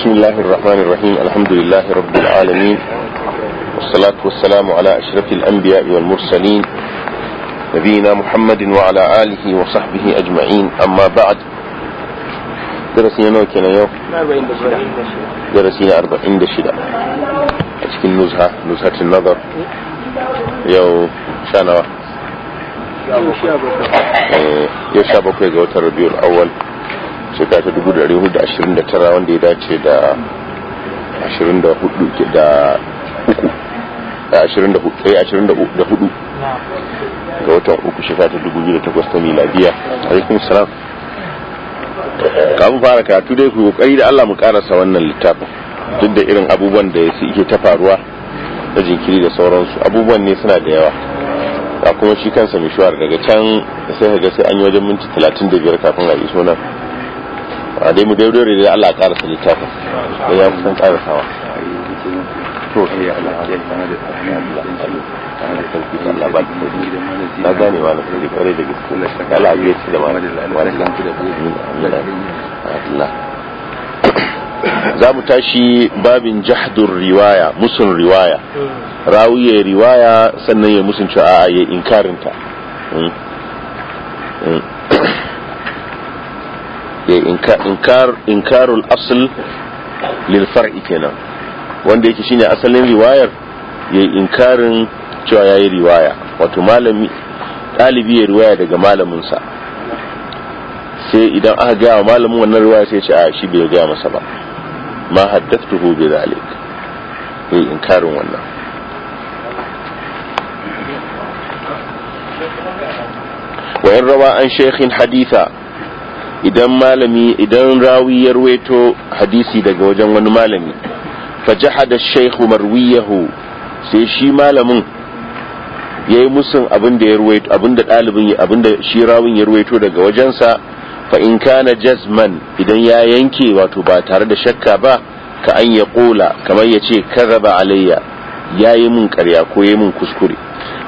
بسم الله الرحمن الرحيم الحمد لله رب العالمين والصلاة والسلام على أشرف الأنبياء والمرسلين نبينا محمد وعلى آله وصحبه أجمعين أما بعد درسنا كنا يوم درسنا أربعين دشدة أشكي نزهة نزهة النظر يو شانوا يو شابك إيه، يو شابك يو الأول shekara ta 1429 wanda ya dace da 24 da uku da 24 eh, ga watan uku shekara ta 2008 ta miladiya alaikun salam kamun fara karatu dai ku kokari da Allah mu karasa wannan littafin duk da irin abubuwan da ya ike ta faruwa da jinkiri da sauransu abubuwan ne suna da yawa ga kuma shi kansa mishuwar daga can sai ka ga sai an yi wajen minti 35 kafin a iso nan a dai mu daidai da Allah karasa littafin da ya karasa wa to na gane ma na sai kare da gaske Allah ya ci da wani Allah za mu tashi babin jahdur riwaya musun riwaya rawiye riwaya sannan ya musun cewa a ya inkarinta hmm. Hmm. inkarul asl lil far'i kenan wanda yake shine asalin riwayar ya yi inkarin cewa ya yi riwaya wato malami ɗalibi ya riwaya daga malaminsa sai idan aka gaya wa malamin wannan riwaya sai ce a shi bai gaya masa ba ma haddatuhu bi zalik ya yi inkarin wannan wa in rawa an shaykhin haditha idan malami idan rawi ya ruwaito hadisi daga wajen wani malami fajahada shaykhu marwiyahu sai shi malamin yayi musun abin da ya ruwaito abin da dalibin abin da shi rawin ya ruwaito daga wajensa fa in kana jazman idan ya yanke wato ba tare da shakka ba ka an ya kula kamar ya ce karraba alayya ya yi min karya ko ya yi min kuskure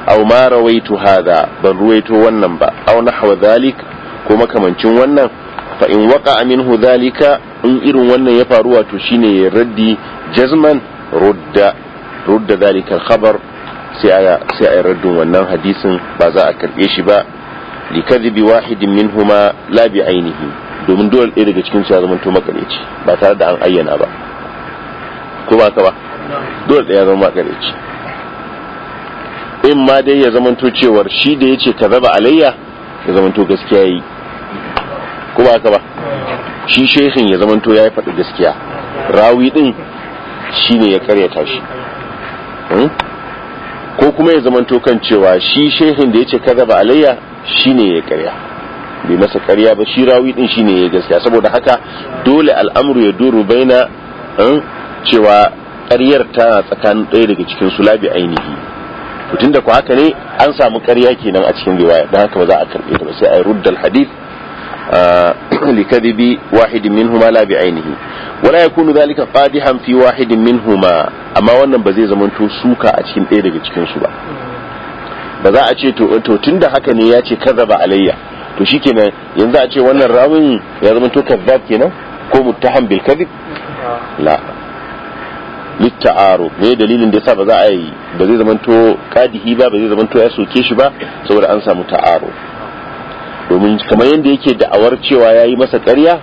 aw ma rawaitu hadha ban ruwaito wannan ba au nahwa dhalik ko makamancin wannan fa in waka minhu dhalika in irin wannan ya faru wato shine raddi jazman rudda rudda dhalika khabar sai aya sai ay raddun wannan hadisin ba za a karbe shi ba li kadhibi wahidin minhuma la bi ainihi domin dole ɗaya daga cikin su ya to makareci ba tare da an ayyana ba ko ba ka ba dole ɗaya zama makareci in ma dai ya to cewar shi da yace ka zaba alayya ya to gaskiya yi ko ba haka ba shi shehin ya zamanto ya yi faɗi gaskiya rawi ɗin shi ya karyata shi hmm? ko kuma ya zamanto kan cewa shi shehin da ya ce kaza ba alayya shi ne ya karya bai masa karya ba shi rawi ɗin shi ne ya gaskiya saboda haka dole al'amuru ya doro baina hmm, cewa karyar tana tsakanin ɗaya daga cikin sulabi ainihi tun da ku haka ne an samu karya kenan a cikin riwaya don haka ba za a karɓe ta ba sai a yi ruddal hadith لكذب واحد منهما لا بعينه ولا يكون ذلك قادحا في واحد منهما amma wannan ba zai zamanto suka a cikin ɗaya daga cikin su ba ba za a ce to tunda haka ne ya ce kazzaba alayya to shikenan yanzu a ce wannan rawin ya zamanto kazzab kenan ko muttaham bil kadhib la litta'aru ne dalilin da yasa ba za a yi ba zai zamanto ba zai zamanto ya soke shi ba saboda an samu ta'aru domin kamar yadda yake da'awar cewa ya yi masa karya,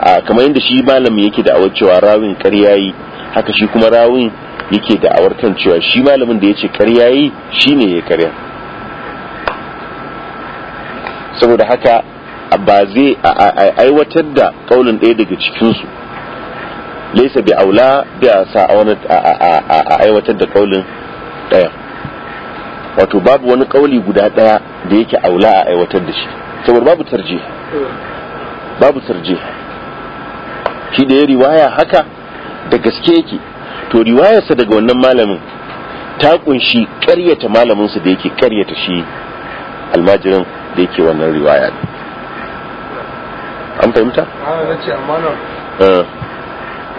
a kamar yadda shi malamin yake da'awar cewa rawin ƙarya yi haka shi kuma rawin yake da'awar kan cewa shi malamin da ya ce karya yi shi ne ya karya. saboda haka ba zai aiwatar da ƙaunin ɗaya daga cikinsu laisa bi aula bi a sa a aiwatar da ƙaunin ɗaya wato babu wani ƙauli guda ɗaya da yake aula a aiwatar da shi saboda babu tarji babu tarji shi da ya riwaya haka da gaske yake to riwayarsa daga wannan malamin ta kunshi karyata malaminsa da yake karyata shi almajirin da yake wannan riwaya an fahimta? ana ah, ce amana eh.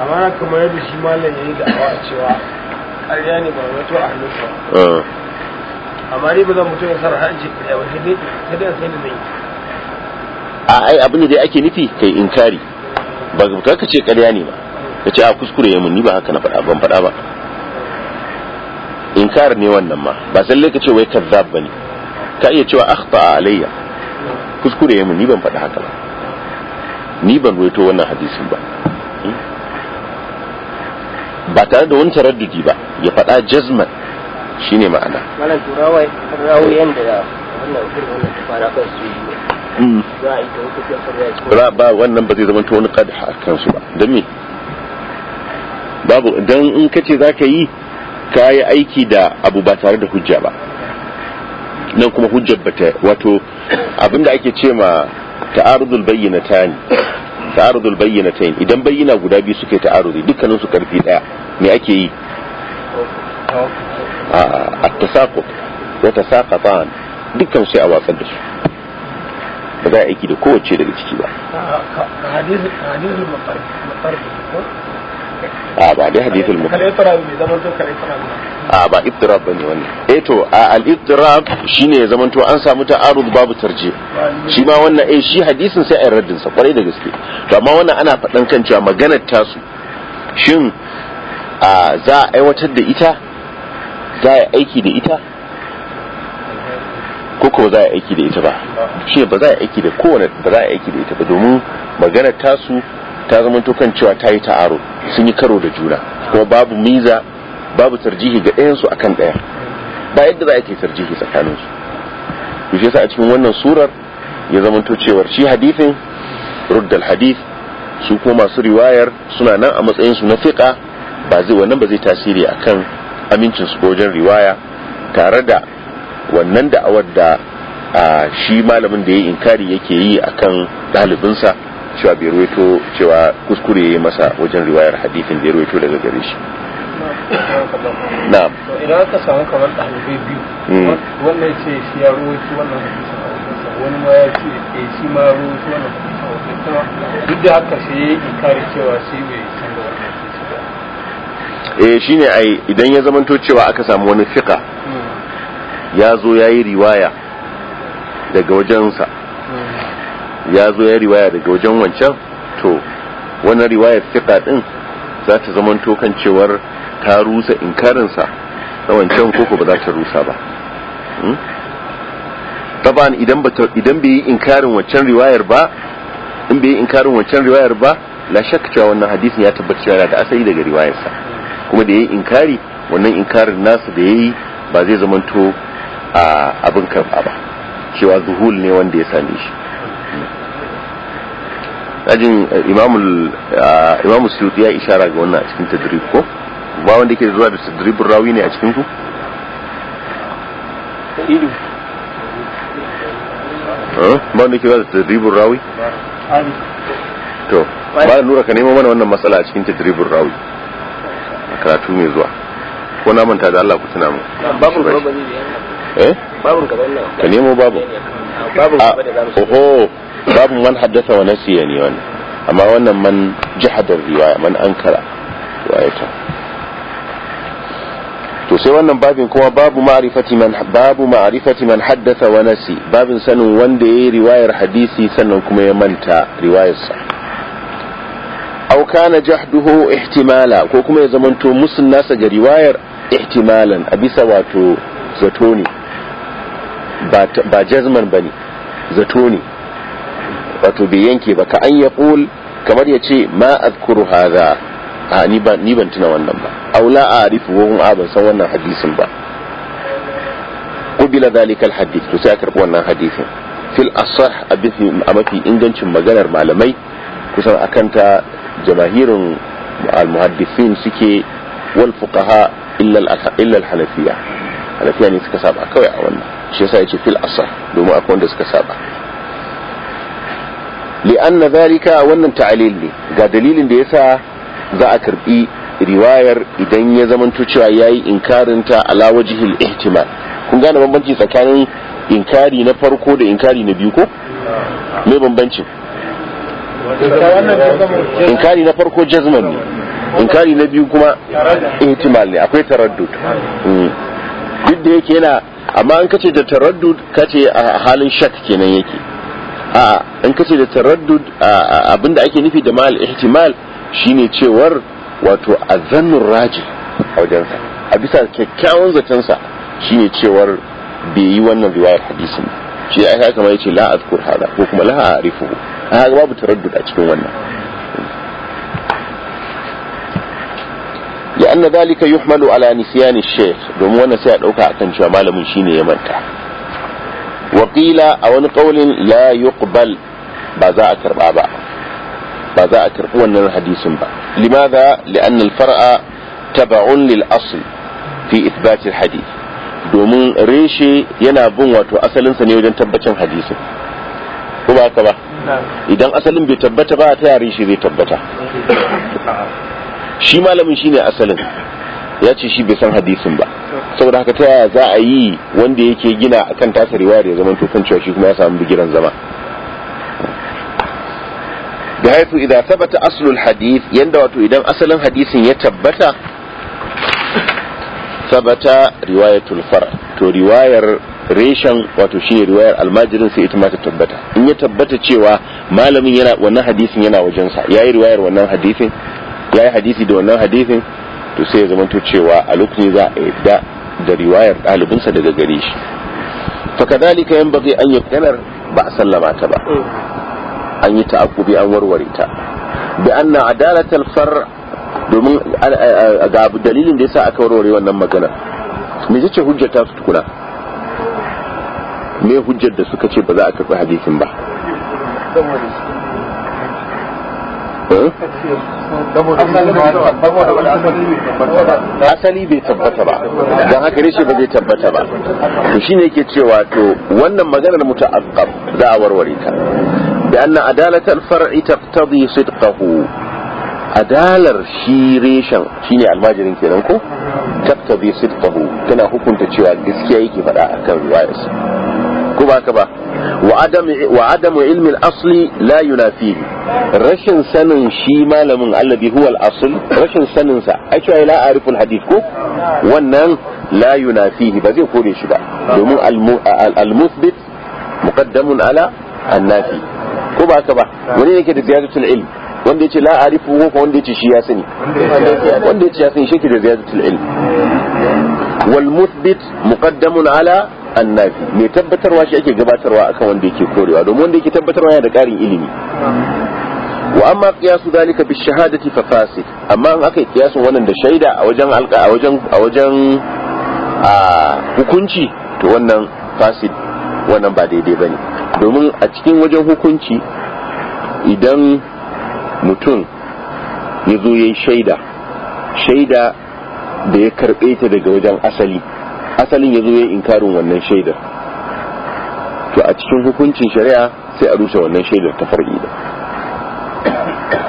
amana kamar yadda shi malam ya yi da'awa cewa ƙarya ne ba wato a hannun amma ni ba zan mutu ya sara hanci kuɗa ba dai a sai da a ai abin da dai ake nufi kai inkari ba ga ka ce ƙarya ne ba ka ce a kuskure ya mun ni ba haka na faɗa ban faɗa ba inkar ne wannan ma ba sai ka ce wai kazzab bane ka iya cewa akhta alayya kuskure ya mun ni ban faɗa haka ba ni ban ruwaito wannan hadisin ba hmm? ba tare da wani taraddudi ba ya faɗa jazman shine ma'ana wannan hmm. za a ba wannan ba zai zama to wani kadha a kansu ba don me babu dan in kace zaka yi ka yi aiki da abu ba tare da hujja ba nan kuma hujjar ta wato abinda ake ce ma ta'arudul bayyanatani ta'arudul bayyanatayn idan bayyana guda biyu suke ta'arudi dukkanin su karfi daya me ake yi at-tasaqut wa tasaqatan dukkan sai a wasan da su ba za a aiki da kowace daga ciki ba a ba dai hadithul mutarrib a ba iftirab bane wannan eh to al iftirab shine ya zamanto an samu ta'arud babu tarje shi ma wannan eh shi hadisin sai a raddin sa kwarai da gaske to amma wannan ana faɗan kan cewa maganar tasu shin a za a aiwatar da ita za a aiki da ita ko ko za a aiki da ita ba shi ba za a aiki da kowane ba za a aiki da ita ba domin maganar tasu ta zama kan cewa ta yi ta'aro sun yi karo da juna kuma babu miza babu tarjihi ga ɗayansu akan ɗaya ba yadda za a yi tarjihi tsakaninsu su shi yasa a cikin wannan surar ya zamanto cewar shi hadithin ruddal hadith su kuma masu riwayar suna nan a matsayinsu na fiƙa ba zai wannan ba zai tasiri akan amincin su wajen riwaya tare da wannan da'awar da shi malamin da ya inkari yake yi akan ɗalibinsa cewa bai ruwaito cewa kuskure ya yi masa wajen riwayar hadifin da ya ruwaito daga gare shi na'am idan aka samu kamar ɗalibai biyu hmm. wannan ya ce shi ya ruwaito wannan wani ma ya ce eh, shi ma ruwaito wannan duk da haka sai ya inkari cewa shi bai canza eh shine ai idan ya zamanto cewa aka samu wani fiqa ya zo ya yi riwaya daga wajensa ya zo ya riwaya daga wajen wancan to wannan riwaya fiqa din za ta zamanto kan cewar ta rusa inkarinsa na wancan koko ba za ta rusa ba hmm? taban idan idan bai yi inkarin wancan riwayar ba in bai yi inkarin wancan riwayar ba la shakka cewa wannan hadisin ya tabbata cewa da asali daga riwayarsa kuma da yayi inkari wannan inkarin nasu da yayi ba zai zamanto a abin karba ba cewa zuhul ne wanda ya same shi ajin eh, imamu suyuti ya ishara ga wannan a cikin tadrib ko ba wanda ke zuwa da tadribin rawi ne a cikin ku ba wanda ke zuwa da tadribin rawi to ba nura ka nemo mana wannan matsala a cikin tadribin rawi karatu mai zuwa ko na manta da Allah ku tuna mu babu ne eh babu gaba ne ka nemo babu eh, babu ah, gaba da zamu oho babun man haddasa wa nasiya ne wannan amma wannan man jihadar riwaya man ankara riwayata to sai wannan babin kuma babu ma'rifati man babu ma'rifati man haddasa wa nasi babin sanin wanda yayi riwayar hadisi sannan kuma ya manta riwayarsa au kana jahduhu ihtimala ko kuma ya zamanto musun nasa ga riwayar ihtimalan a bisa wato zato ne ba jazman ba zato ne wato bai yanke ba ka an ya ƙul kamar ya ce ma azkuru haza a ni ban tuna wannan ba aula a arifu wahun aban san wannan hadisin ba ƙubila zalikal hadis to sai a wannan hadisin fil asah a mafi ingancin maganar malamai kusan akanta jamahirin al-muhaddisin suke wal fuqaha illa al-hanafiya hanafiya ne suka saba kawai a wannan shi yasa yace fil asr domin akwai wanda suka saba li'anna zalika wannan ta'alil ne ga dalilin da yasa za a karbi riwayar idan ya zamanto cewa yayi inkarinta ala wajhil ihtimal kun gane bambanci tsakanin inkari na farko da inkari na biyu ko me bambancin inkari na farko jazman ne inkari na biyu kuma ihtimal ne akwai taraddud hmm. duk da yake yana amma an kace da taraddud kace a halin shak kenan yake a an kace da taraddud abinda ake nufi da mal ihtimal shine cewar wato azannur raji a wajensa a bisa kyakkyawan zatensa shine cewar bai yi wannan riwayar hadisin shi ya kamar yace la azkur hada ko kuma la a babu taraddud a cikin wannan ya anna zalika yuhmalu ala nisyani shaykh domin wannan sai a dauka akan cewa malamin shine ya manta wa qila a wani qaulin la yuqbal ba za a karba ba ba za a karbi wannan hadisin ba limadha li'anna al-far'a tab'un lil asl fi ithbat al-hadith domin reshe yana bin wato asalinsa ne wajen tabbacin hadisin ko ba ka ba idan asalin bai tabbata ba ta yare shi zai tabbata shi malamin shine asalin ya ce shi bai san hadisin ba saboda haka ta yaya za a yi wanda yake gina kan tasa riwayar ya zama tukun cewa shi kuma ya samu bigiran zama da haifu idan tabbata asalin hadis yanda wato idan asalin hadisin ya tabbata tabbata riwayatul far to riwayar reshen wato shi riwayar almajirin sai ita ma ta tabbata in ya tabbata cewa malamin yana wannan hadisin yana wajen sa yayi riwayar wannan hadisin yayi hadisi da wannan hadisin to sai ya zama to cewa a lokacin za a yadda da riwayar ɗalibinsa daga gare shi to kadalika yanbaghi an yi kanar ba a sallama ta ba an yi ta'akubi an warware ta bi anna adalatul far domin ga dalilin da yasa aka warware wannan magana me yace hujjata ta tukuna me hujjar da suka ce ba za a karɓi hadisin ba eh? asali bai tabbata ba don haka reshe ba zai tabbata ba to shine ke cewa to wannan maganar muta'aqqab za a warware ta da anna adalat tabi fari taqtadi sidqahu adalar shi reshen shine almajirin kenan ko taqtadi sidqahu tana hukunta cewa gaskiya yake faɗa akan riwayarsa ko ba ka ba wa adamu ilmin asli la yunafi rashin sanin shi malamin allabi huwa al-asl rashin sanin sa ai cewa la ariful hadith ko wannan la yunafi ba zai kore shi ba domin al-muthbit muqaddamun ala an-nafi ko ba ka ba wani yake da ziyadatul ilm wanda yace la arifu ko wanda yace shi ya sani wanda yace ya sani shi ke da ziyadatul ilm wal muthbit muqaddamun ala annafi mai tabbatarwa shi ake gabatarwa akan wanda yake korewa domin wanda yake tabbatarwa yana da ƙarin ilimi wa amma qiyasu zalika bi shahadati fa fasid amma an aka qiyasu wannan da shaida a wajen alqa a wajen a wajen a hukunci to wannan fasid wannan ba daidai bane domin a cikin wajen hukunci idan mutum ya zo yayi shaida shaida da ya karbe ta daga wajen asali asalin ya zo ya inkarin wannan shaidar to a cikin hukuncin shari'a sai a rushe wannan shaidar ta farki da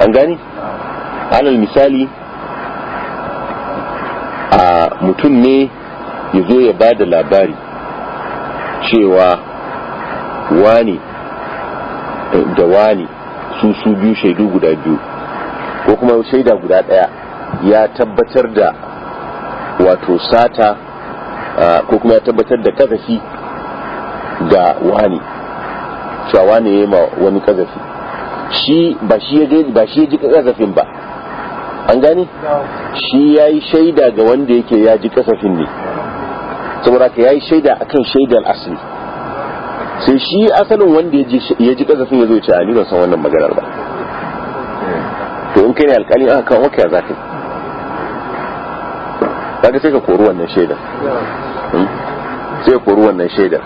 an gani? alal misali a mutum ne ya zo ya ba da labari cewa wani da wani su su biyu shaidu guda biyu ko kuma shaida guda daya ya tabbatar da wato sata ko kuma ya tabbatar da kazafi ga wani cewa wani ya yi ma wani kazafi shi ba shi ya ji kazafin ba an gane shi ya yi shaida ga wanda yake ya ji kazafin ne saboda ka ya yi shaida akan shaidar asali sai shi asalin wanda ya ji kazafin ya zo ce a ban san wannan maganar ba to in kai ne alkalin aka kawo maka ya zafi ka sai ka kori wannan shaidar zai kori wannan shaidar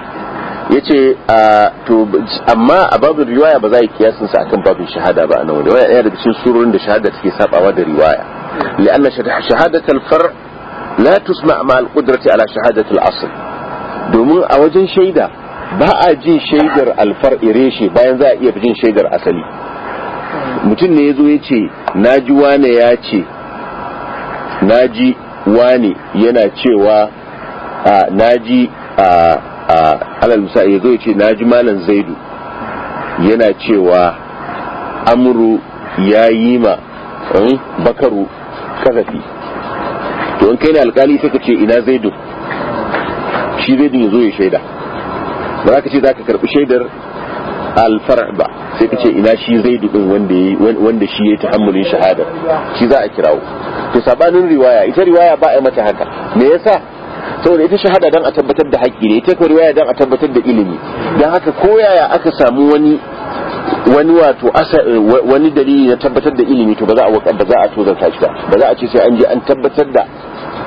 ya ce amma a babin riwaya ba za a yi sa akan babin shahada ba nan riwaya ɗaya daga cikin surorin da shahada take sabawa da riwaya li'anna shahadatul far la tusma ma al-qudrati ala shahadatul asl domin a wajen shaida ba a jin shaidar alfar ireshe bayan za a iya jin shaidar asali mutum ne ya zo ya ce na ji wane ya ce na ji wane yana cewa naji alal misali ya zo ya ce naji malam zaidu yana cewa amuru ya yi ma hmm, bakaru kasafi to in kai ne alkali sai ka ce ina zaidu shi zaidu ya zo ya shaida ba za ka ce za ka karɓi shaidar alfar ba sai ka ce ina shi zaidu din wanda shi ya ta hamulin shahada shi za a kirawo to sabanin riwaya ita riwaya ba a mata haka me yasa saboda ita shahada dan a tabbatar da haƙƙi ne ita ko riwaya dan a tabbatar da ilimi dan haka yaya aka samu wani wani wato asa wani dalili na tabbatar da ilimi to ba za a ba za a tozarta ba ba za a ce sai an je an tabbatar da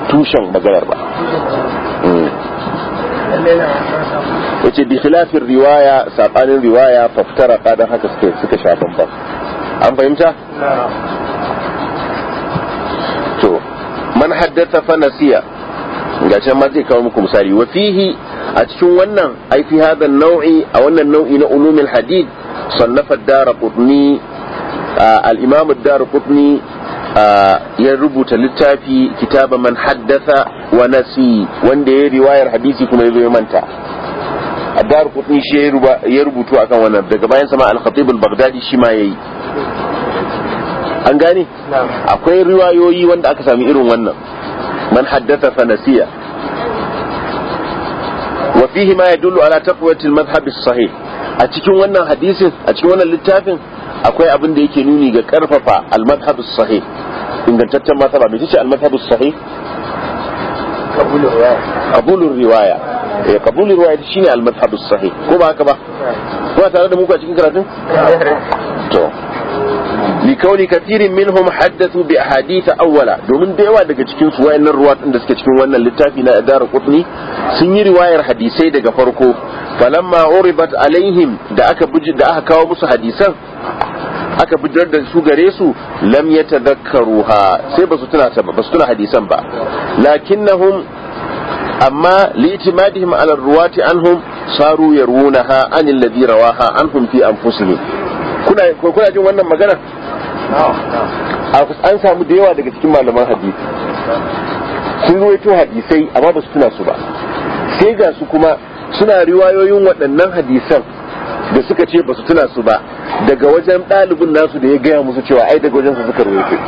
tushen maganar ba mm. yace bi riwaya sakanin riwaya faftara kadan haka suka suka sha bamban an fahimta to man haddatha fa nasiya ga can ma zai kawo muku misali wa fihi a cikin wannan ai fi hada nau'i a wannan nau'i na ulumul hadid sannafa ad-darqutni al-imam ad-darqutni ya rubuta littafi kitaba man haddatha wa nasi wanda ya riwayar hadisi kuma ya manta adar kutni shi ya rubutu akan wannan daga bayan sama al-khatib al-baghdadi shi ma yayi an gane akwai riwayoyi wanda aka sami irin wannan man haddatha fa nasiya wa fihi ma ta ala taqwati al-madhhab as a cikin wannan hadisin a cikin wannan littafin akwai abin da yake nuni ga karfafa al-madhhab as-sahih ingantaccen masaba me ce al eh shine al-madhhab as-sahih ko ba haka ba ko tare da muku a cikin karatun to li kauni kathirin minhum haddathu bi ahadith awwala domin da yawa daga cikin su wayannan ruwat da suke cikin wannan littafi na Adar Qutni sun yi riwayar hadisai daga farko falamma uribat alaihim da aka buji da aka kawo musu hadisan aka bujar da su gare su lam yatadhakkaruha sai ba su tuna ta ba su tuna hadisan ba lakinnahum amma li'timadihim ala ruwati anhum saru yarunaha anil ladhi rawaha anhum fi anfusihim kuna kuna jin wannan magana an samu da yawa daga cikin malaman hadisi sun ruwaito hadisai amma ba su tuna su ba sai ga su kuma suna riwayoyin waɗannan hadisan da suka ce ba su tuna su ba daga wajen ɗalibin nasu da ya gaya musu cewa ai daga wajen su suka ruwaito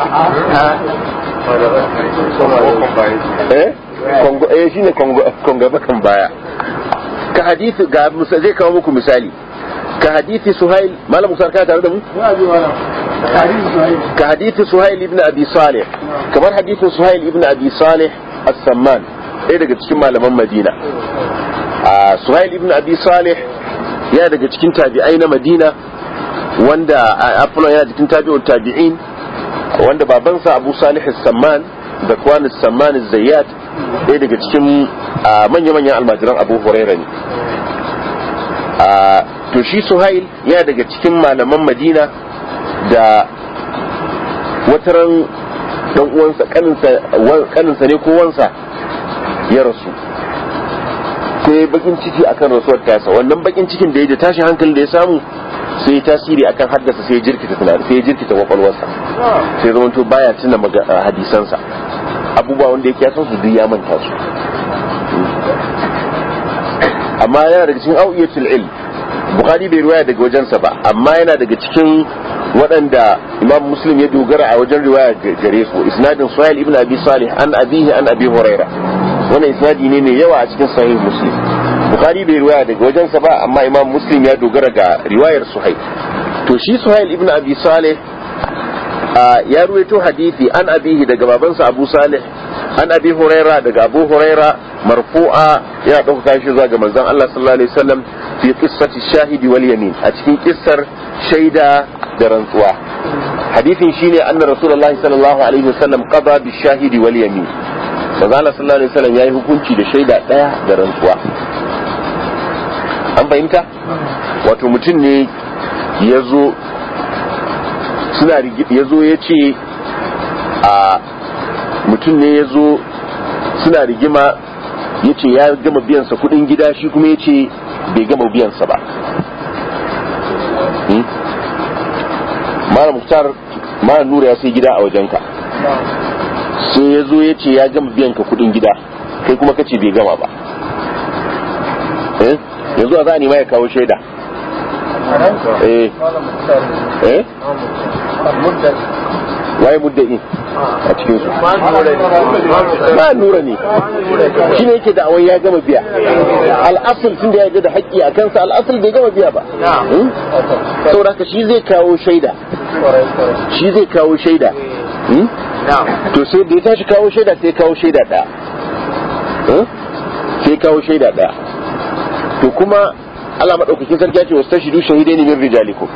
eh shine kongo bakan baya ka hadisi ga zai kawo muku misali ka hadithi suhail malam musar ka tare da mu ka hadithi suhail ibn abi salih kamar hadithin suhail ibn abi salih as-samman ɗaya daga cikin malaman madina suhail ibn abi salih yana daga cikin tabi'ai na madina wanda a aflon yana cikin tabi'un tabi'in wanda babansa abu salih as-samman da kwan as-samman az-zayyat ɗaya daga cikin manya-manyan almajiran abu hurairah ne to shi suhail ya daga cikin malaman madina da wataran dan uwansa kaninsa ne ko wansa ya rasu sai bakin ciki akan rasuwar tasa wannan bakin cikin da ya da tashi hankali da ya samu sai tasiri akan haddasa sai jirkita tunani sai jirkita kwakwalwarsa sai zama to baya tuna hadisansa abubuwa wanda yake san su duk ya manta su amma yana daga cikin auyatul ilm bukari bai riwaya daga wajensa ba amma yana daga cikin waɗanda imam muslim ya dogara a wajen riwaya gare su isnadin sahih ibn abi salih an abihi an abi huraira wannan isnadi ne mai yawa a cikin sahih muslim bukari bai riwaya daga wajensa ba amma imam muslim ya dogara ga riwayar suhail to shi suhail ibn abi salih ya ruwaito hadisi an abihi daga babansa abu salih an abi huraira daga abu huraira marfu'a yana ɗauka shi zuwa ga manzon Allah sallallahu alaihi wasallam fi qissati shahidi wal yamin a cikin kissar shaida da rantsuwa hadithin shine anna rasulullahi sallallahu alaihi wasallam qada bi shahidi wal yamin manzon Allah sallallahu alaihi wasallam yayi hukunci da shaida daya da rantsuwa an fahimta wato mutum ne ya zo suna ya zo ya ce a mutum ne ya zo suna rigima ya ce ya gama biyansa kudin gida shi kuma ya ce bai gama biyansa ba hmm? mara muktar mara nura ya sai gida a wajenka sai ya zo ya ce ya gama biyanka kudin gida kai kuma kace bai gama ba eh? yanzu a za a nema ya kawo shaida eh eh wai muddai a cikin su ba nura ne shi ne yake da awai ya gama biya al'asul tun da ya da haƙƙi a kansa al'asul bai gama biya ba hmm? sauraka shi zai kawo shaida shi zai kawo shaida hmm? to sai da ya tashi kawo shaida sai kawo shaida ɗaya hmm? sai kawo shaida ɗaya to kuma Allah madaukakin sarki ya ce wasu tashidu shahidai ne min rijalikum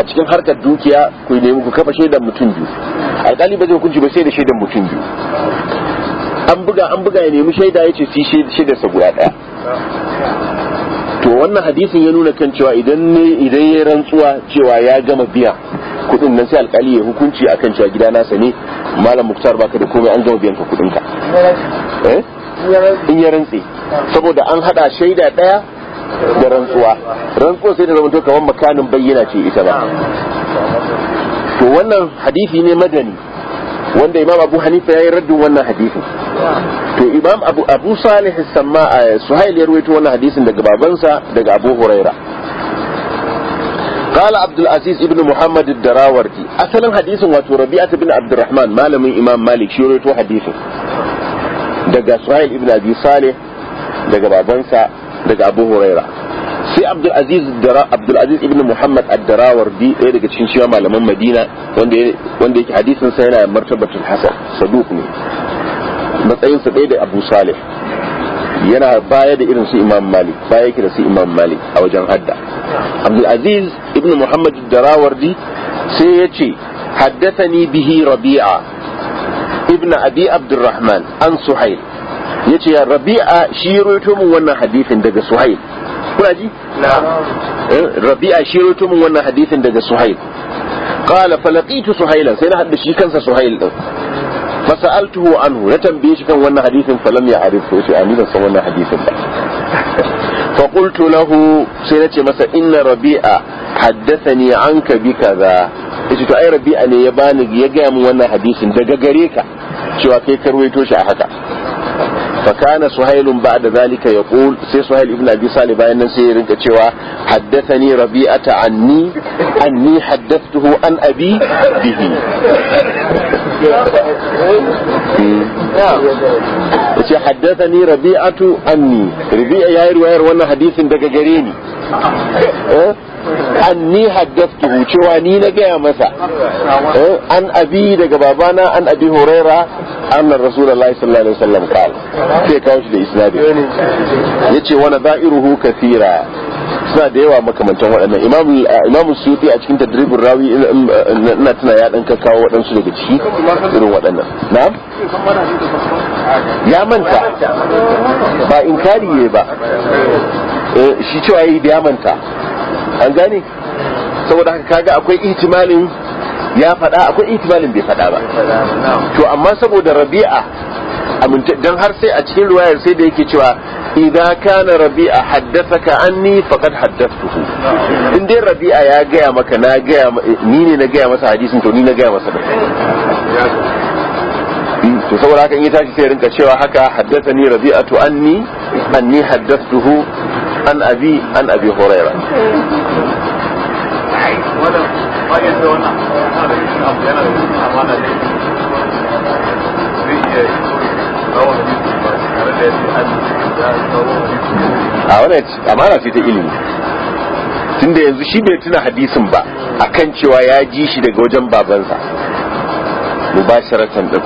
a cikin harkar dukiya ku nemi ku kafa shaidan mutum biyu alƙali ba zai hukunci ba sai da shaidan mutum biyu an buga an buga ya nemi shaida ya ce si shaidar sa guda ɗaya to wannan hadisin ya nuna kan cewa idan ne idan ya rantsuwa cewa ya gama biya kuɗin nan sai alƙali ya hukunci akan cewa gida nasa ne malam muktar baka da komai an gama biyan ka kuɗin ka eh? in ya rantse saboda an hada shaida daya da rantsuwa rantsuwa sai da zamanto kamar makanin bayyana ce ita ba to wannan hadisi ne madani wanda imam abu hanifa ya yi raddin wannan hadisi to imam abu abu salih samma suhail ya ruwaito wannan hadisin daga babansa daga abu huraira قال عبد العزيز ابن محمد الدراوردي اصلا حديث واتو ربيعه بن عبد الرحمن مالم امام مالك شي حديثه daga Suhail ibn Abi Saleh daga babansa daga abu huraira sai abdulaziz abdulaziz ibn muhammad ad-darawardi ɗaya daga cikin cewa malaman madina wanda yake hadisin sa yana martabatul hasan saduq ne matsayin sa ɗaya da abu salih yana baya da irin su imam malik baya yake da su imam malik a wajen hadda abdulaziz ibn muhammad ad-darawardi sai ya ce haddathani bihi rabi'a ibn abi abdurrahman an suhail ya ce rabi'a shi ruwaito mun wannan hadisin daga suhail kuna ji eh, rabi'a shi ruwaito mun wannan hadisin daga suhail kala falaqitu suhailan sai na hadda shi kansa suhail din fasa'altuhu anhu na tambaye shi kan wannan hadisin falam ya arifu yace ani ban san wannan hadisin ba fa qultu lahu sai ce masa inna rabi'a haddathani anka bi kaza yace to ai rabi'a ne ya bani ya ga mun wannan hadisin daga gare ka cewa kai karwaito shi a haka فكان سهيل بعد ذلك يقول سي سهيل ابن ابي صالح بين سيرين كتشوا حدثني ربيعه عني اني حدثته عن ابي به نعم. يا حدثني ربيعه عني ربيعه يا رواه وانا حديث دغ anni haddathtuhu cewa ni na gaya masa eh, an abi daga babana an abi huraira nan rasulallah sallallahu alaihi wasallam qal sai kawo shi da isnadi yace wa nadairuhu kathira suna da yawa makamantan waɗannan imam imam suyuti a cikin tadribin rawi ina tuna ya dan kawo waɗansu daga ciki irin waɗannan na'am ya manta ba inkari ne ba eh, shi cewa yi da ya manta an gane saboda haka kaga akwai ihtimalin ya faɗa akwai ihtimalin bai faɗa ba to amma saboda rabi'a don har sai a cikin ruwayar sai da yake cewa idza kana rabi'a haddathaka anni faqad haddathtuhu in dai rabi'a ya gaya maka na gaya ni ne na gaya masa hadisin to ni na gaya masa hmm, to saboda haka in ya tashi sai rinka cewa haka haddathani rabi'atu anni anni haddathtuhu an abi an abi horaira a wani amana ce ta ilimi tunda yanzu shi bai tuna hadisin ba akan cewa ya ji shi daga wajen babansa mubasharatan din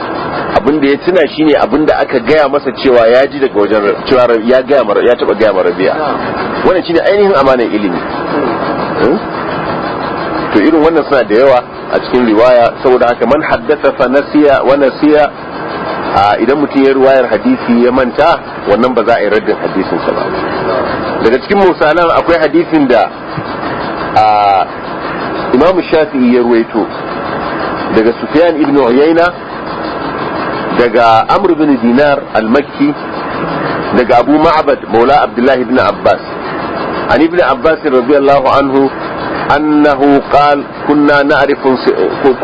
abin da ya tuna shine abin da aka gaya masa cewa ya ji daga wajen cewa ya gaya mara ya taba gaya mara biya wannan shine ainihin amanar ilimi hmm? to irin wannan suna da yawa a cikin riwaya saboda haka man haddatha fa nasiya wa nasiya idan mutum ya ruwayar hadisi ya manta wannan ba za a yi raddin hadisin sa ba daga cikin musalan akwai hadisin da imam shafi'i ya ruwaito daga sufyan ibn uyayna daga amr bin dinar al-makki daga abu ma'bad Mawla abdullahi ibn abbas an ibn abbas radiyallahu anhu annahu أنه قال كنا نعرف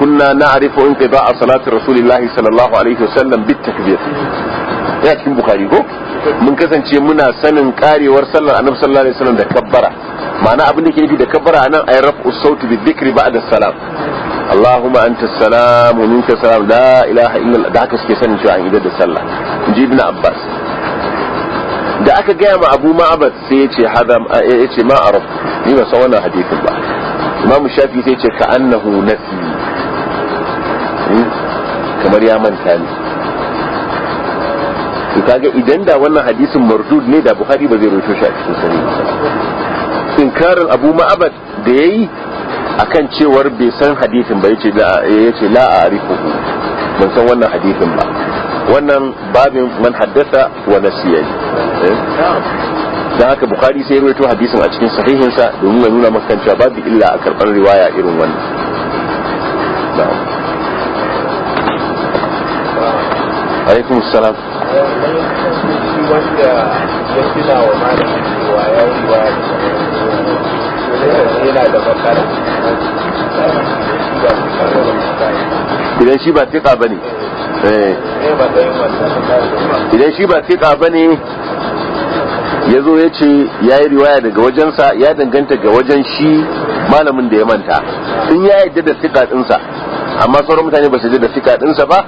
كنا نعرف انقضاء صلاة رسول الله صلى الله عليه وسلم بالتكبير Ya cikin bukari ko mun kasance muna sanin karewar sallar annabi sallallahu alaihi wasallam da kabbara ma'ana abin da ke nufi da kabbara anan ay raf'u sautu bi dhikri ba'da salam Allahumma anta salam wa minka salam la ilaha illa da haka suke sanin cewa an idar da sallah ji ibn Abbas da aka gaya ma Abu Ma'bad sai ya ce hadam ya ce ma arab ni ba san wannan hadisin ba Imam Shafi sai ya ce ka annahu nasi hmm? kamar ya manta ne to kaga idan da wannan hadisin mardud ne da Buhari ba zai rawaito shi a cikin sahihi inkarin Abu Ma'bad da yayi akan cewar bai san hadisin ba yace yace la a'rifuhu ban san wannan hadisin ba wannan babin man haddasa wa nasiya eh? dan haka bukhari sai rawaito hadisin a cikin sahihin sa domin ya nuna maka cewa babu illa a karban riwaya irin wannan alaikum salam wanda ya wa malamin cewa ya riwaya da idan shi ba tika ba ne eh. idan shi ba tika ba ne ya zo ya ce ya yi riwaya daga wajensa ya danganta ga wajen shi malamin da ya manta in ya yadda da tika dinsa amma sauran mutane ba su yadda da tika ba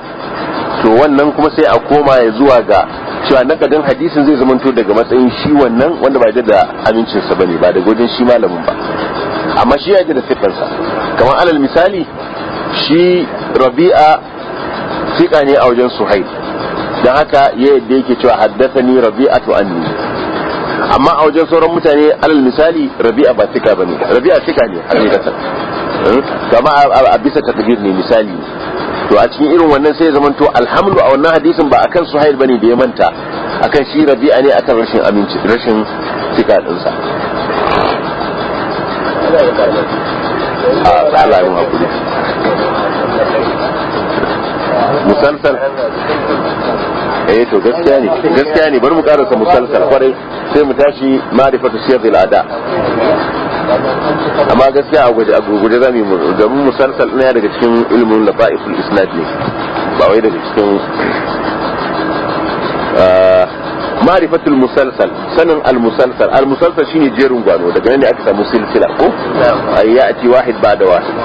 to wannan kuma sai a koma ya zuwa ga cewa kadan hadisin zai to daga matsayin shi wannan wanda ba da amincin ba ne ba da gudun shi malamin ba amma shi ya da sa kamar alal misali shi rabi'a fiƙa ne a wajen suhaib dan haka ya yadda yake cewa haddathani ni rabi'a to anni amma a wajen sauran mutane alal misali rabi'a ba fiƙa ba ne rabi'a fiƙa ne a hakikatan hmm? kama a bisa takdir ne misali to a cikin irin wannan sai zaman to alhamdu a wannan hadisin ba akan suhail bane da ya manta akan shi rabi'a ne akan rashin aminci rashin tika dinsa a tsalayin hakuri musalsal eh to gaskiya ne gaskiya ne bari mu karasa musalsal kwarai sai mu tashi ma'rifatu da ada amma gaskiya a guje a guje zami mu domin musalsal ɗaya daga cikin ilmin lafa'isul isnad ne ba wai daga cikin ah, ma'rifatul musalsal sanin al-musalsal al-musalsal shine jerin gwano daga nan ne aka samu silsila ko ya ati wahid da wahid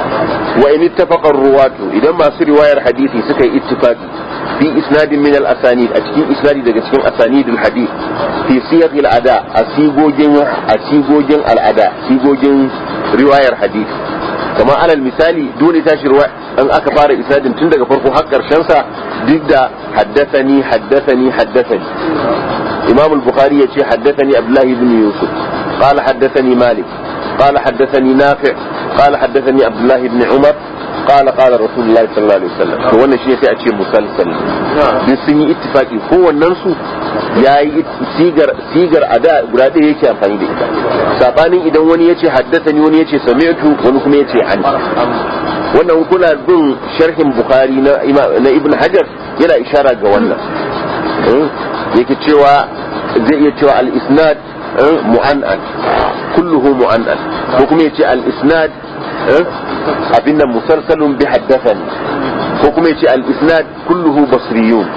wa in ittafaqa ar-ruwatu idan masu riwayar hadisi suka yi ittifaqi fi isnadin minal asanid a cikin isnadi daga cikin asanidul hadith fi siyaq al a sigogin a sigogin al-ada riwayar hadith kamar alal misali dole tashi an aka fara isnadin tun daga farko har karshen sa duk da haddathani haddathani haddathani imam al-bukhari yace haddathani abdullah ibn yusuf qala malik قال حدثني نافع قال حدثني عبد الله بن عمر قال قال رسول الله صلى الله عليه وسلم to wannan shi sai a ce musalsal duk sun yi ittifaki kowannen su yayi sigar sigar ada guda ɗaya yake amfani da ita sabanin idan wani yace haddathani wani yace sami'tu wani kuma yace an wannan kuna bin sharhin bukhari na na ibn hajar yana ishara ga wannan hmm? yake cewa zai iya cewa al-isnad Eh, mu'an'an kulluhu mu'an'an ko kuma yace al-isnad eh, abinda nan musalsalun bi haddathani ko kuma yace al-isnad kulluhu basriyun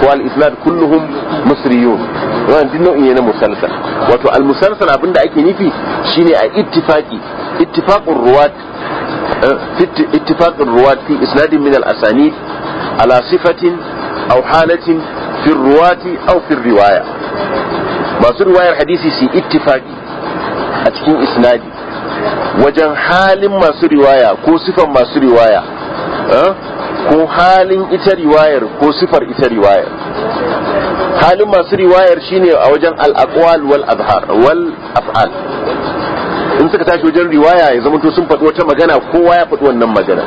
ko al-isnad kulluhum misriyun wannan duk nau'in ne na musalsal wato al-musalsal abinda ake nufi shine a ittifaqi ittifaqur ruwat eh, ittifaqur ruwat fi isnadin min al-asanid ala sifatin aw halatin fi ruwati aw fi riwaya masu riwayar hadisi su ittifaqi a cikin isnadi wajen halin masu riwaya ko sifan masu riwaya eh? ko halin ita riwayar ko sifar ita riwayar halin masu riwayar shine a wajen al-aqwal wal azhar in suka tashi wajen riwaya ya zama to sun faɗi wata magana kowa ya faɗi wannan magana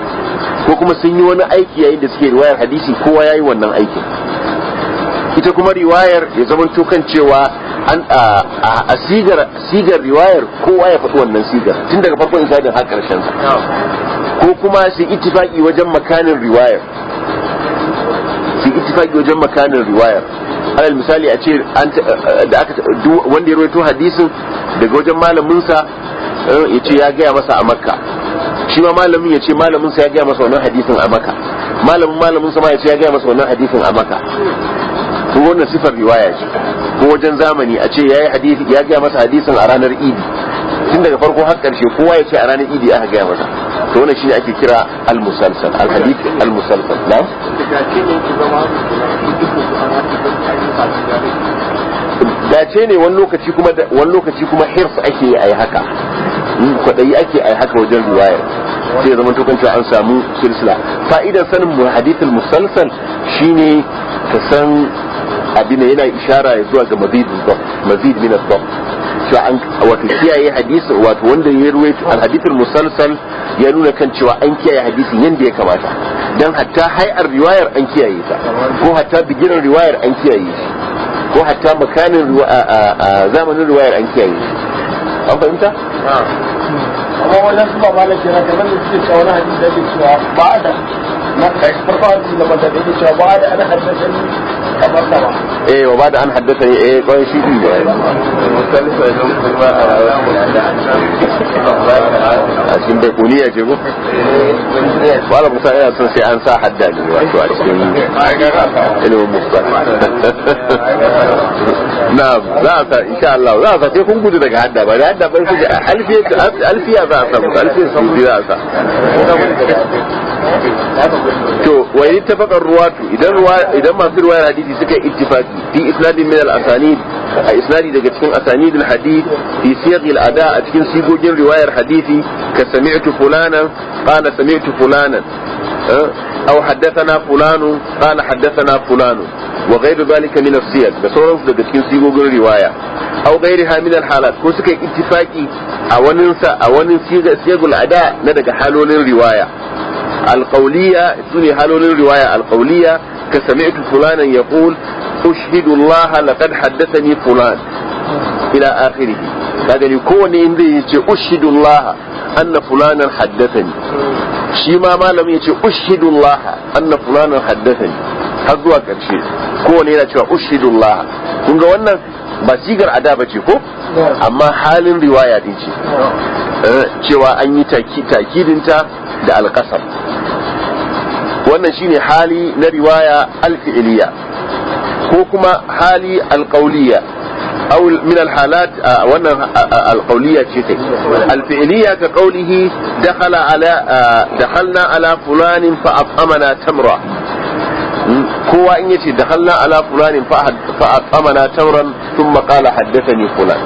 ko kuma sun yi wani aiki yayin da suke riwayar hadisi kowa ya yi wannan aiki? ita kuma riwayar ya zama to kan cewa an a sigar sigar riwayar kowa ya faɗi wannan sigar tun daga farkon isnadin har karshen sa ko kuma su ittifaki wajen makanin riwayar su ittifaki wajen makanin riwayar alal misali a ce da aka wanda ya rawaito hadisin daga wajen malamin sa eh, ya ce ya gaya masa a makka shi ma malamin ya ce malamin sa ya gaya masa wannan hadisin a makka malamin malamin sa ma ya ce ya gaya masa wannan hadisin a makka to wannan sifar riwaya ce ko wajen zamani a ce yayi hadisi ya ga masa hadisin a ranar idi tun daga farko har karshe kowa ya ce a ranar idi aka ga masa to wannan shine ake kira al-musalsal al-hadith al-musalsal na'am ce ne wani lokaci kuma wani lokaci kuma hirs ake yi ai haka hmm, kwadayi ake ai haka wajen riwaya. sai zama tukan cewa an samu silsila fa'idar sanin hadithul musalsal shine ka san abin yana ishara ya zuwa ga mazid mazid min asbab cewa an wato kiyaye hadisi wato wanda ya ruwaito alhadithul musalsal ya nuna kan cewa an kiyaye hadisin yanda ya kamata dan hatta hay'ar riwayar an kiyaye ta ko hatta bigiran riwayar an kiyaye shi ko hatta makanin zamanin riwayar an kiyaye shi an fahimta هو نسبة ما نشيرا كمان نسيب سوانا هذه الدادي سواء بعدها ما استطاعت لما تدعيني سواء بعد أنا حدثني أبر طبعا ايه وبعد أنا حدثني ايه كوي شيء دي جاي يعني. مختلفة يوم تقوى أعلام عشان بيكونية جيبو وانا بصائي أصلا شيء أنسى حداد الوقت وعشان إنه مختلف نعم لا إن شاء الله لا تطيقون قد تك حدا بعد حدا بل فجأة هل فيها sa bukalce su biyu za to wa yi tafakar ruwatu idan idan masu ruwayar hadisi suka yi ittifaki fi isnadin minal al-asanid a isnadi daga cikin asanid al-hadith fi siyaq al-ada a cikin sigogin riwayar hadisi ka sami'tu fulana qala sami'tu fulana eh? aw haddathana fulanu qala haddathana fulanu wa ghairu zalika min as da sauransu daga cikin sigogin riwaya aw ghairiha min al ko suka yi ittifaqi a wani sa a wani sigul ada na daga halolin riwaya al-qawliya sune halolin riwaya al-qawliya ka sami'tu fulanan yaqul ushhidu Allah laqad haddathani fulan ila akhirih kaga ni kowanne in zai ce ushhidu Allah anna fulanan haddathani shi ma malamin ya ce ushhidu Allah anna fulanan haddathani har zuwa ƙarshe kowane yana cewa ushidullah kun ga wannan ba sigar ba ce ko amma halin riwaya din ce eh, cewa an yi takidinta da alƙasar wannan shine hali na riwaya alfi'iliya ko kuma hali alƙauliya أو من الحالات وانا القولية شيء الفعلية كقوله دخل على دخلنا على فلان فأطعمنا تمرة kowa in yace da halna ala fulanin fa aqamana tauran thumma haddasa haddathani fulan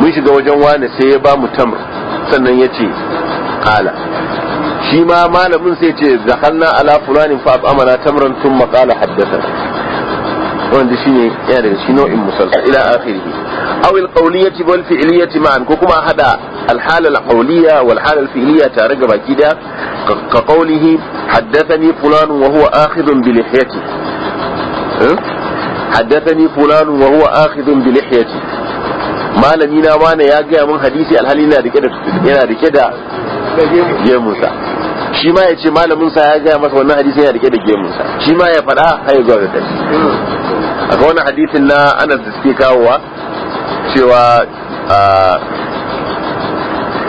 mun shiga wajen wani sai ya bamu tamr sannan yace kala shi ma malamin sai ce da halna ala fulanin fa aqamana tamran thumma qala haddathana wanda shine yana daga shi nau'in musalsal ila akhirih أو القولية والفعلية معا كما هذا الحالة القولية والحالة الفعلية تارجع كده كقوله حدثني فلان وهو آخذ بلحيتي حدثني فلان وهو آخذ بلحيتي malami na wane ya gaya min hadisi alhali yana rike da yana da gemunsa shi ma ya ce malamin sa ya gaya masa wannan hadisi yana rike da gemunsa shi ma ya faɗa har zuwa ga kai a ga wannan hadisin na ana da suke kawowa cewa ah,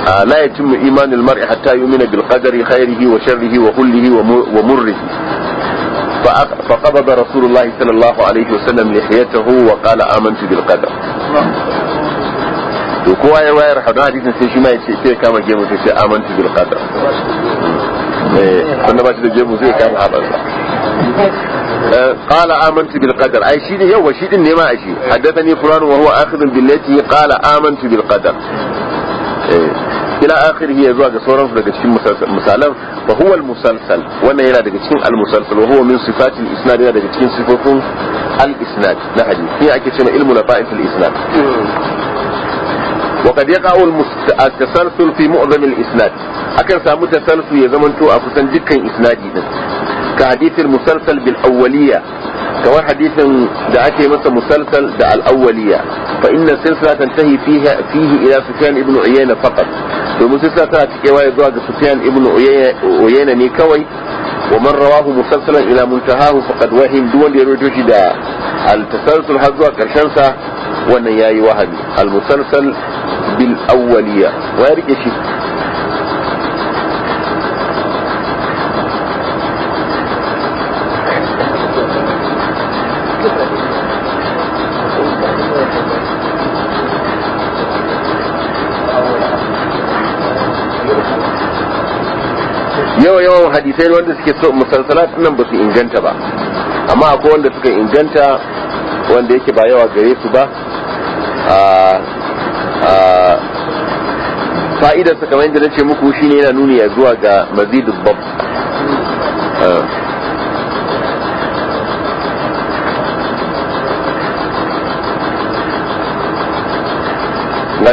آه، لا يتم إيمان المرء حتى يؤمن بالقدر خيره وشره وكله ومره فقبض رسول الله صلى الله عليه وسلم لحيته وقال آمنت بالقدر وكوا kowa ya wayar hada hadisin sai shi ma yace sai kama gemu sai sai amantu bil qadar eh wanda ba قال آمنت بالقدر أي شيء يو شيء إني ما أشي حدثني فلان وهو آخذ بالتي قال آمنت بالقدر إيه. ila akhirhi ya zuwa ga sauransu daga cikin misalan wahuwal huwa al-musalsal wannan yana daga cikin al-musalsal wa huwa min sifatil isnad yana daga cikin sifofin al-isnad na hadisi ne ake cewa ilmu lafa'il fil isnad وقد يقع التسلسل في معظم الاسناد اكن سامو تسلسل يا زمانتو ا كسان دكان اسنادي كحديث المسلسل بالاوليه كمان حديث دعته مثلا مسلسل دع الأولية فإن السلسلة تنتهي فيها فيه إلى سفيان ابن عيينة فقط فالمسلسلة تأتي رواية زواج سفيان ابن عيينة نيكوي ومن رواه مسلسلا إلى منتهاه فقد وهم دون يرجوش دا التسلسل هذا كرشنسة ونياي وهمي المسلسل بالأولية ويرجشي hadisai wanda suke so musalsalat nan ba su inganta ba amma akwai wanda suka inganta wanda yake ba yawa gare su ba fa'idar sa kamar yadda na ce muku shine yana nuni ya zuwa ga mazidul bab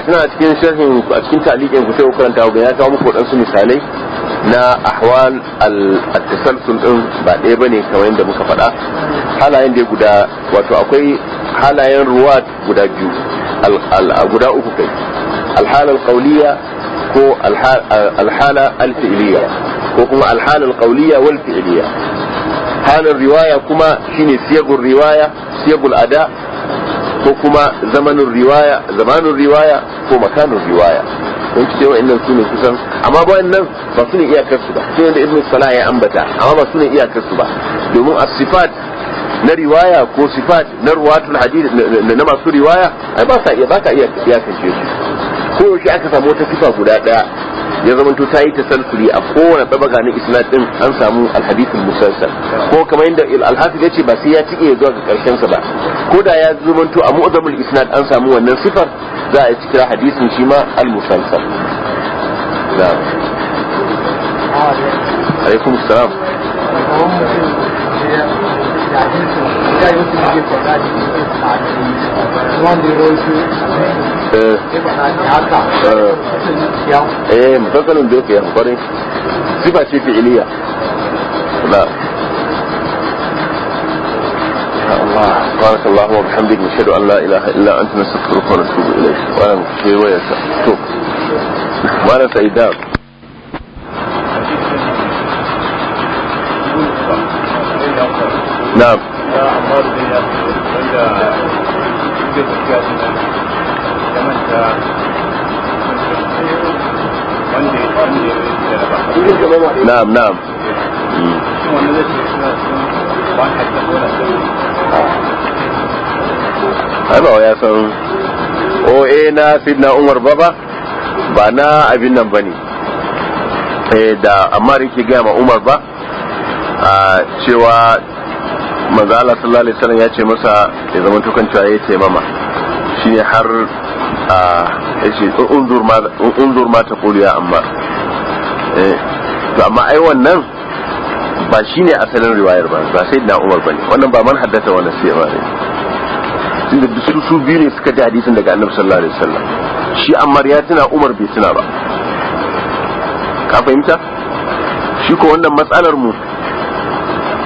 ga a cikin shirhin a cikin talikin ku sai ku karanta ga ya kawo muku waɗansu misalai na ahwal al-tasalsul din ba ɗaya bane kamar yadda muka faɗa halayen da guda wato akwai halayen ruwat guda biyu guda uku kai alhala qawliya ko alhala ko kuma alhala wal fi'liya riwaya kuma shine siyagul riwaya siyagul ada ko kuma zamanin riwaya zamanin riwaya ko makanin riwaya don ki wa inda su ne kusan amma ba nan ba su ne iyakar su ba sai yadda ibnu salah ya ambata amma ba su ne iyakar su ba domin as-sifat na riwaya ko sifat na ruwatul hadith na masu riwaya ai ba sa iya ba iyakar su koyaushe aka samu wata sifa guda daya ya zama to ta yi a kowane babaga na isnad din an samu alhadithul musalsal ko kamar yadda al yace ba sai ya cike ya zuwa ga karshen sa ba ko da ya zama to a mu'zamul isnad an samu wannan sifar za a cikin hadisin shi ma al-musalsal alaikum salam wanda ya ايه, إيه، مفضل بك يا مضارع صفه شيء فعليه لا الله بارك الله وبحمدك نشهد ان لا اله الا انت نستغفرك ونتوب اليك وانا مكفي ويتوب وانا سيدان نعم na'am na'am ya san o eh na sidna umar baba ba na abin nan bane eh da amma yake gaya ma umar ba a cewa magala Allah sallallahu alaihi wasallam ya ce masa ya zama tukan ya ce mama shine har a ah, yace unzur ma ta ya amma eh, to amma ai wannan ba ne asalin riwayar ba ba sai na umar bane wannan ba man haddasa wannan sai ba tunda su su biyu ne suka ji hadisin daga annabi sallallahu alaihi wasallam shi ammar ya tuna umar bai tuna ba ka fahimta shi ko wannan matsalar mu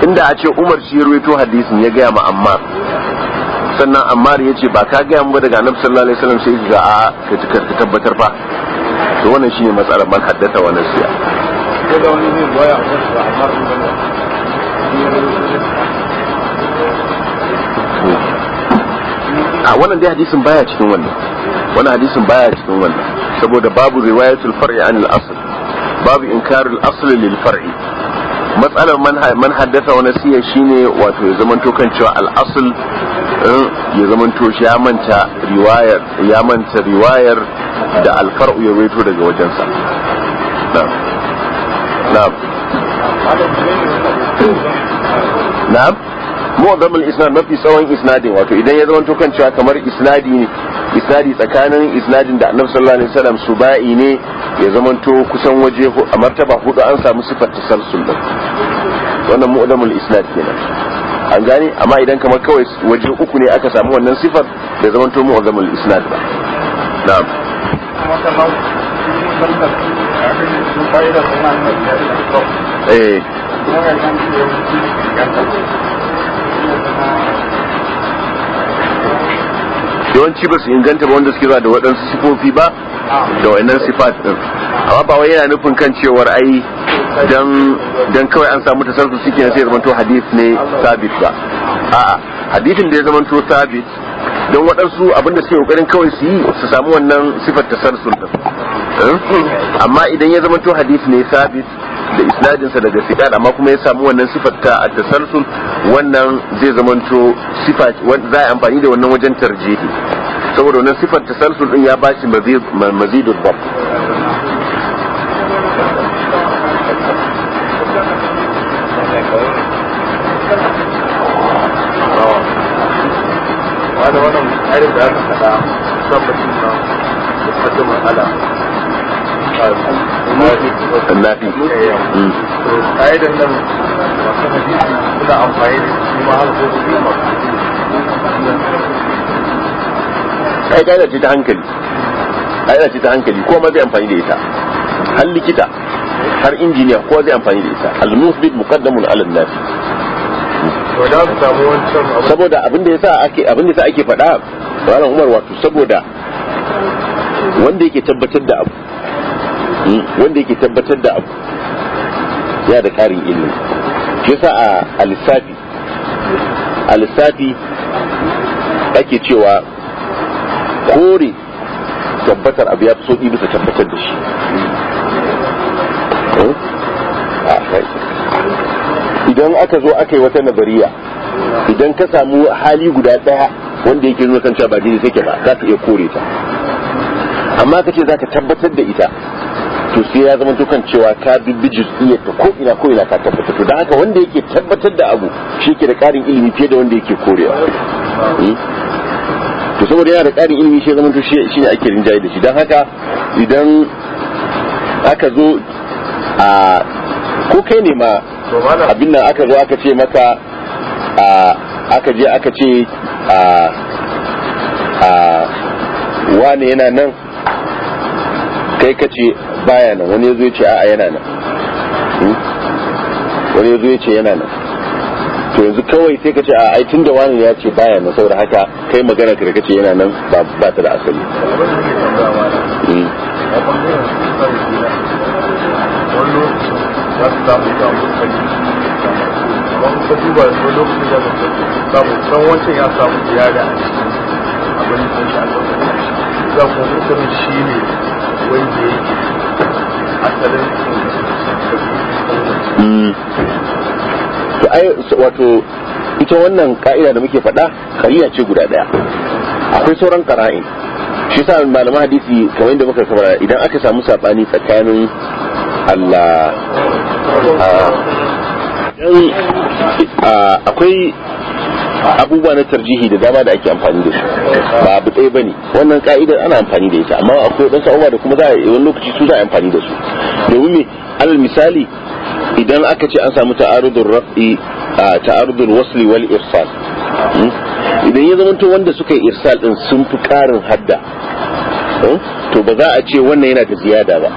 inda a ce umar shi ya ruwaito hadisin ya gaya ma ammar sannan ammar ya ce ba ka gaya mu daga annabi sallallahu alaihi wasallam sai ga a ka tabbatar fa to wannan shine matsalar man haddata wannan nasiya daga wani ne baya ammar a wannan dai hadisin baya cikin wannan wannan hadisin baya cikin wannan saboda babu riwayatul far'i anil asl babu inkarul asl lil far'i matsalar man haddasa wani siya shine wato ya zamanto kan cewa al'asul eh, ya zamanto shi ya manta riwayar da alfar'u ya reto daga wajensa na'am na'am mu'azzamul isnad mafi tsawon isnadin wato idan ya zamanto kan cewa kamar isnadi ne isnadi tsakanin isnadin da annabi sallallahu alaihi wasallam subai ne ya zamanto kusan waje a martaba hudu an samu sifar tasalsul din wannan mu'azzamul isnad kenan an gane amma idan kamar kawai waje uku ne aka samu wannan sifar da zamanto mu'azzamul isnad ba na'am eh yawanci ba su inganta ba wanda suke zuwa da waɗansu sifofi ba da waɗannan sifat ɗin amma ba wai yana nufin kan cewar ai dan kawai an samu tasarsu suke na sai zamanto hadith ne sabit ba a'a hadithin da ya zamanto sabit don waɗansu abinda suke kokarin kawai su yi su samu wannan sifar tasarsul da hmm? amma idan ya zamanto hadith ne sabit da isnadinsa daga sikat amma kuma ya samu wannan sifar ta tasarsul wannan zai zamanto sifa za a amfani da wannan wajen tarjihi saboda wannan sifar tasalsul din ya bashi mazidul bab wani wannan tsarin da aka faɗa tabbacin na wata matsala nafi ƙa'idan nan suna amfani da shi ma har zo su ai kaida ta hankali kaida ce ta hankali ko ma zai amfani da ita har likita har injiniya ko zai amfani da ita al-musbit muqaddamun ala nafi saboda abin da yasa ake abin yasa ake faɗa malam Umar wato saboda wanda yake tabbatar da abu hmm, wanda yake tabbatar da abu ya da ƙarin ilimi yasa a alisafi a ake cewa kore tabbatar abu ya fi sauƙi bisa tabbatar da shi eh? ah, idan aka zo aka yi wata nabariya idan ka samu hali guda ɗaya wanda yake nuna kan cewa ba jini take ba za ka iya kore ta amma ka ce za ka tabbatar da ita to sai ya zama dukan cewa ka bibbi juz'iyyar ta ko ina ko ina ka tabbata to dan haka wanda yake tabbatar da abu shi ke da ƙarin ilimi fiye da wanda yake korewa hmm? to saboda yana da ƙarin ilimi shi zama to shi ne ake rinjaye da shi dan haka idan aka zo a ko kai ne ma abin nan aka zo aka ce maka a aka je aka ce a a wane yana nan kai ka ce baya nan wani yazo a'a yana nan wani yazo yana nan to yanzu kawai sai ka ce a ai tunda wani ya ce baya nan saboda haka kai magana ka kace yana nan ba ta da asali za ku mutum shi ne wanda yake Hmm. to ai wato ita wannan ka'ida da muke faɗa kariya ce guda ɗaya akwai sauran karai shi sa malaman hadisi kamar yadda muka fara idan aka samu sabani tsakanin Allah ah, ah, akwai abubuwa na tarjihi da dama da ake amfani da su ba abu ɗaya bane wannan ka'idar ana amfani da ita amma akwai dan sa'uwa da kuma za a wani lokaci su za a amfani da su domin me alal misali idan aka ce an samu ta'arudul raf'i ta'arudul wasli wal irsal hmm? idan ya zamanto wanda suka yi irsal din sun fi karin hadda hmm? to ba za a ce wannan yana da ziyada ba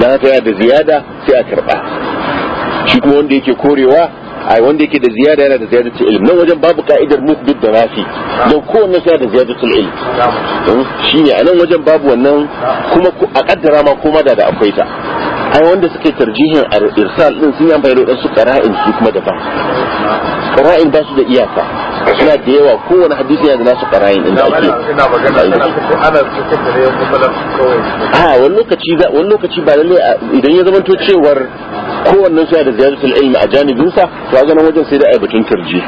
dan haka yana da ziyada sai a karba shi kuma wanda yake korewa ai wanda yake da ziyada yana da ziyadatul ilm nan wajen babu ka'idar musbit da nafi ko kowanne sai da ziyadatul ilm shine a nan wajen babu wannan kuma a kaddara ma koma da da akwai ta ai wanda suke tarjihin irsal din sun yi amfani da su qara'in su kuma ba qara'in ba su da iyaka suna da yawa kowane hadisi yana da nasu qara'in inda ake ina magana ana cikin da yayin kuma a wani lokaci wani lokaci ba lalle idan ya zama to cewar kowannen shi da ziyaratul ilimi a janibinsa to a ganin wajen sai da ai batun tarjihi